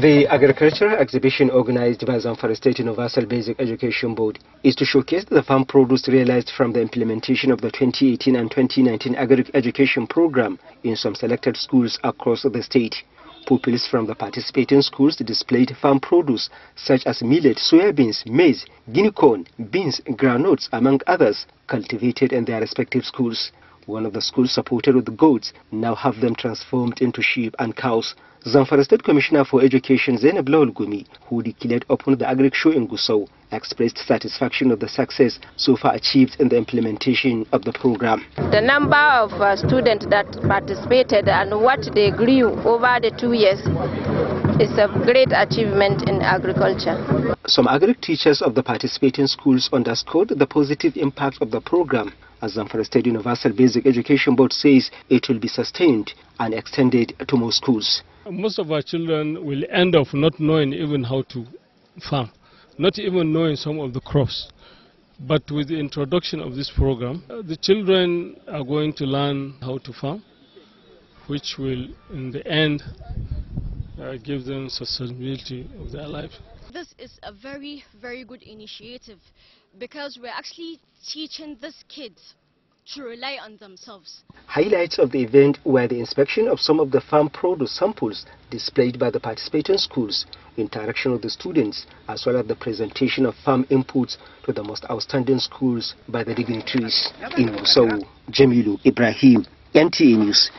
The agricultural exhibition organized by Zamfara State Universal Basic Education Board is to showcase the farm produce realized from the implementation of the 2018 and 2019 agric education program in some selected schools across the state. Pupils from the participating schools displayed farm produce such as millet, soybeans, maize, guinea corn, beans, groundnuts, among others, cultivated in their respective schools. One of the schools supported with goats now have them transformed into sheep and cows. Zamfara State Commissioner for Education Zainab Gumi, who declared upon the agri show in Gusau, expressed satisfaction of the success so far achieved in the implementation of the program. The number of uh, students that participated and what they grew over the two years is a great achievement in agriculture. Some agri teachers of the participating schools underscored the positive impact of the program as Zamfara State Universal Basic Education Board says, it will be sustained and extended to more schools. Most of our children will end up not knowing even how to farm, not even knowing some of the crops. But with the introduction of this program, the children are going to learn how to farm, which will, in the end, uh, give them sustainability of their life. This is a very, very good initiative because we're actually teaching these kids to rely on themselves. Highlights of the event were the inspection of some of the farm produce samples displayed by the participating schools, interaction with the students, as well as the presentation of farm inputs to the most outstanding schools by the dignitaries in Musau. Jamilu Ibrahim, NTA News.